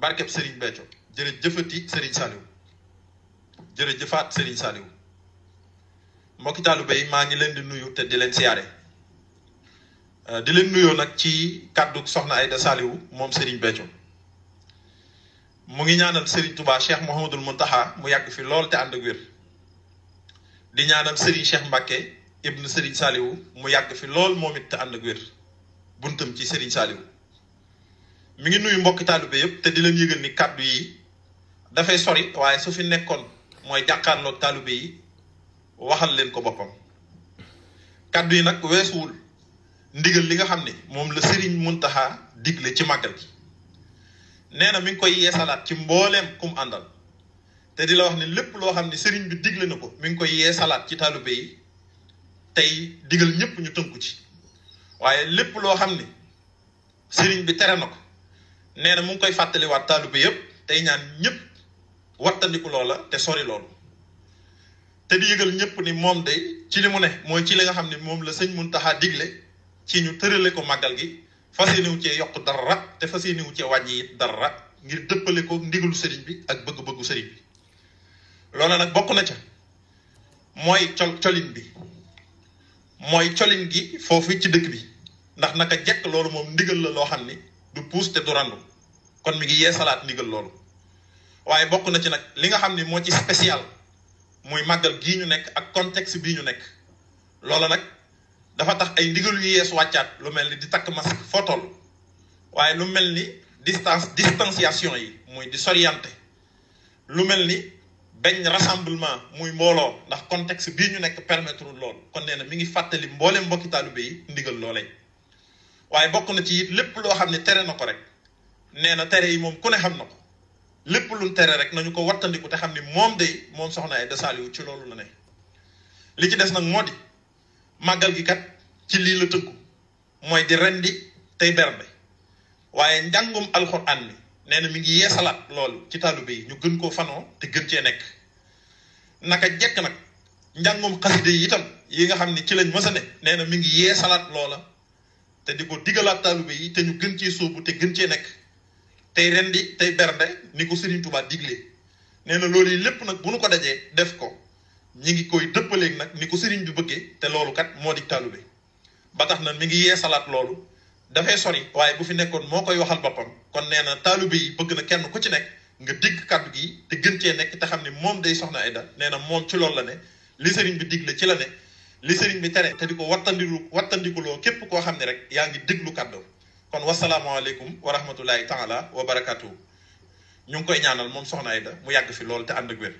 barkeb Serigne Béthio jërëjëfati Serigne Saliou jërëjëfaat Serigne Saliou mbokki taalibe maa ngi leen di nuyu te di leen siyaare euh, di leen nuyoo nag ci kàddu soxna Aïda Saliou moom Serigne Béthio mu ngi ñaanal Serigne Touba Cheikh Mouhamadul Mountakha mu yàgg fi lool te ànd ak wér di ñaanal Serigne Cheikh Mbacké ibnu Serigne Saliou mu yàgg fi lool moom it te ànd ak wér buntam ci Serigne Saliou. mi ngi nuyu mbokki taalibe yëpp te di leen yëgal ni kàddu yi dafay sori waaye su fi nekkoon mooy jàkkaarloog taalibe yi waxal leen ko boppam kàddu yi nag weesuwul ndigal li nga xam ne moom la Serigne Mountakha digle ci màggal gi nee na mi ngi koy yeesalaat ci mbooleem kum àndal te di la wax ne lépp loo xam ne Serigne bi digle na ko mi ngi koy salaat ci taalibe yi tey digal ñëpp ñu tënku ci waaye lépp loo xam ne Serigne bi tere na ko. nee na mu ngi koy fàttaliwaat bi yëpp tey ñaan ñëpp wattandiku loola te sori loolu te di yëgal ñëpp ni moom day ci li mu ne mooy ci li nga xam ne moom la sëñ mun Muntaxa digle ci ñu tërale ko màggal gi fas yéene wu cee yokk dara te fas yéene wu cee wàññi it dara ngir dëppale ko ndigalu sëriñ bi ak bëgg-bëggu sëriñ bi loola nag bokk na ca mooy col colin bi mooy colin gi foofu ci dëkk bi ndax naka jekk loolu moom ndigal la loo xam ni du puus te du randu kon mi ngi salaat ndigal loolu waaye bokk na ci nag li nga xam ni moo ci spécial muy màggal gii ñu nekk ak contexte bii ñu nekk loola nag dafa tax ay ndigal yu yees wàccaat lu mel ni di takk masque foo waaye lu mel ni distance distanciation yi muy di soriante lu mel ni benn rassemblement muy mbooloo ndax contexte bii ñu nekk permettre lool kon nee na mi ngi fàttali mboolem mbokki taalibe yi ndigal loolee. waaye bokk na ci it lépp loo xam ne tere na ko rek nee na tere yi moom ku ne xam na ko lépp lu tere rek nañu ko wattandiku te xam ne moom day moom soxna Aida Saliou ci loolu la ne li ci des nag moo di màggal gi kat ci lii la tëggu mooy di rendi tey bernde waaye njàngum alxuraan mi nee na mi ngi yeesalaat loolu ci taalibe yi ñu gën koo fanoo te gën cee nekk naka jekk nag njàngum xaside yi yi nga xam ni ci lañ mës nee na mi ngi yeesalaat loola te di ko digalaat taalibe yi te ñu gën cee sóobu te gën cee nekk tey ren di tey bernde ni ko Serigne Touba digle nee na loolu yi lépp nag bu nu ko dajee def ko ñi ngi koy dëppaleeg nag ni ko Serigne bi bëggee te loolu kat moo di taalibe ba tax na mi ngi yee salaat loolu dafay sori waaye bu fi nekkoon moo koy waxal boppam kon nee na taalibe yi bëgg na kenn ku ci nekk nga dégg kàddu gi te gën cee nekk te xam ne moom day soxna ay Aida nee na moom ci loolu la ne li Serigne bi digle ci la ne. li sëriñ bi tere te di ko wattandiku wattandikuloo képp koo xam ne rek yaa ngi déglu kàddu kon wasalaamaaleykum wa rahmatulahi taala wa barakatuhu ñu ngi koy ñaanal moom soxna Aida mu yàgg fi lool te ànd ak wér